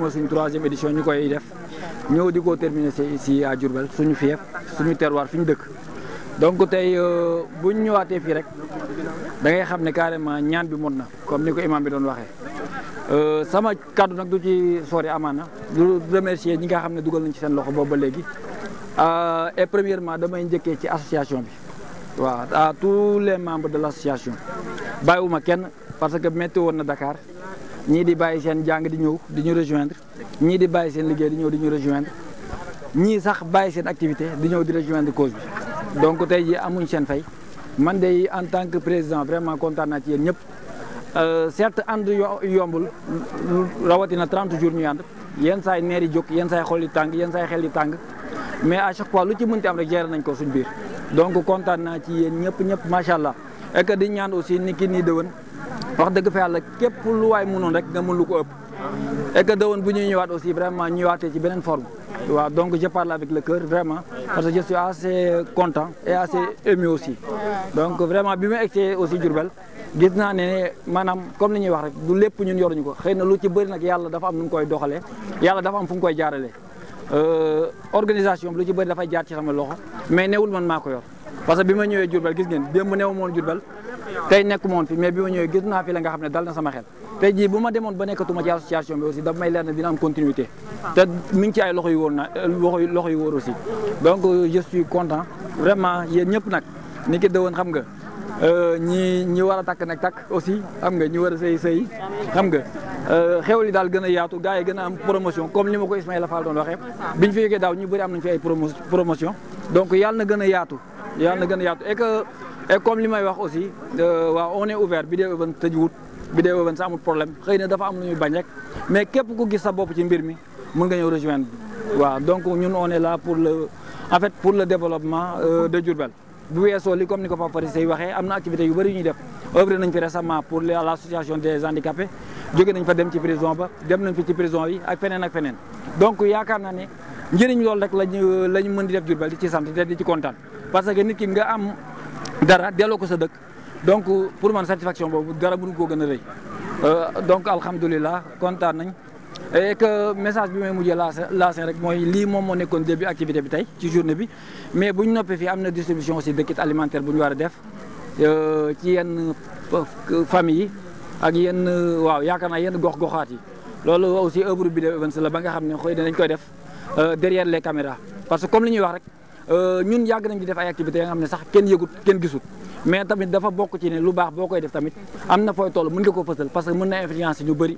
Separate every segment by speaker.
Speaker 1: moo suñu troisième édition ñu koy def ñëw di ko terminer si à Diourbel suñu fief suñu terroir fi ñu dëkk donc tey euh, bu ñu ñëwaatee fii rek da ngay xam ne carrément ñaan bi mot na comme ni ko imam bi doon waxee euh, sama kàddu nag du ci sori amaana du remercier ñi nga xam ne dugal nañ ci seen loxo boobu ba léegi euh, et premièrement damay njëkkee ci association bi waaw à tous les membres de l' association bàyyiwuma kenn parce que métti woon na Dakar ñii di bàyyi seen jàng di ñëw di ñu rejoindre ñii di bàyyi seen liggéey di ñëw di ñu rejoindre ñii sax bàyyi seen activité di ñëw di rejoindre cause bi donc tey jii amuñ seen fay man dey en tant que président vraiment kontaan naa ci yéen ñëpp euh, certes ànd yombul rawatina 30 jours ñu ànd yenn saay neer yi jóg yen saay xol yi tàng yenn saay xel yi tàng mais à chaque fois lu ci mënti am rek gérer nañ ko suñ biir donc kontaan naa ci yéen ñëpp ñëpp macha allah di ñaan aussi ni ki nii déwén wax dëgg fa yàlla képp lu waay mënoon rek nga mën lu ko ëpp et dëwoon bu ñuy ñëwaat aussi vraiment ñëwaatee ci beneen forme waaw donc je parle avec le cœur vraiment parce que je assez content et assez ému aussi donc vraiment bi ma egsee aussi Diourbel gis naa ne maanaam comme li ñuy wax rek du lépp ñun yoruñu ko xëy na lu ci bëri nag yàlla dafa am nu mu koy doxalee yàlla dafa am fu mu koy jaaralee euh, organisation bi lu ci bëri dafay jaar ci sama loxo mais newul man maa ko yor parce que bi ma ñëwee Diourbel gis ngeen tey nekk moon fi mais bi ma ñëwee gis naa fi la nga xam ne dal na sama xel tey jii bu ma demoon ba nekkatuma ci association bi aussi daf may leer ne dina am continuité te mi ngi ci ay loxo yu wóor na loxo yu wóor aussi donc je suis content vraiment yéen ñëpp nag ni ki dëwoon xam nga euh, ñi ñi war a takk nag takk aussi xam nga ñi war a sëy sëy xam nga euh, xew li daal gën a yaatu gaa yi gën a am promotion comme ni ma ko Ismaïla Fall doon waxee biñ fi ñu bëri am nañ fi ay promotion donc na gën a yaatu yàlla na gën a yaatu et que et comme li may wax aussi waaw bi est ouvert Biddew Events tëjuwut Biddew Events sa amul problème xëy na dafa am lu ñu bañ rek mais képp ku gis sa bopp ci mbir mi mën nga ñëw rejoindre waaw donc ñun on la là pour le en fait pour le développement euh, de Diourbel bu weesoo li comme ni ko Pape Farid Seye waxee am na activité yu bëri yu ñuy def œuvré nañ fi récemment pour l'association des handicapés jóge nañ fa dem ci prison ba dem nañ fi ci prison yi ak feneen ak feneen donc yaakaar naa ne njëriñ loolu rek lañ lañ mën di def Diourbel di ci sant te di ci kontaan. parce que nit ki nga am dara delloo ko sa dëkk donc pour man satisfaction boobu dara mënu koo gën a rëy euh, donc alhamdulilah kontaan nañ et que message bi may mujjee la lancé rek mooy lii moom moo nekkoon début activité bi tey ci journée bi mais bu ñu noppee fii am na distribution aussi de kit alimentaire bu ñu war a def euh, ci yenn famille yi ak yenn waaw yaakaar naa yenn gox-goxaat yi loolu aussi œuvre bi de la ba nga xam ne xëy dinañ koy def euh, derrière les caméras que comme li ñuy wax rek. Euh, ñun yàgg nañ di def ay activités ya nga xam ne sax kenn yëgut kenn gisut mais tamit dafa bokk ci ne lu baax boo koy def tamit am na fooy toll mun nga ko fësal parce que mën na influence ñu bëri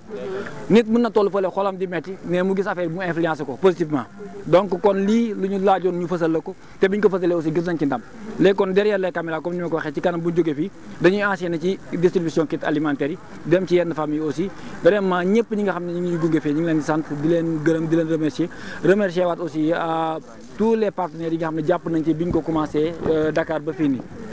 Speaker 1: nit mën na toll fële xolam di metti mais mu gis affaire bi mu influencé ko positivement donc kon lii lu ñu laajoon ñu fësal la ko te biñ ko fësalee aussi gis nañ ci ndam léegi kon derrière les caméras comme ni ma ko waxee ci kanam bu ñu fii dañuy enchaîner ci distribution kit alimentaire yi dem ci yenn famille aussi vraiment ñëpp ñi nga xam ne ñu ngi ñuy gunge fii ñu ngi leen di sant di leen gërëm di leen remercier remercier waat aussi euh, tous les partenaires yi nga xam ne jàpp nañ ci biñ ko commencé euh, Dakar ba fii nii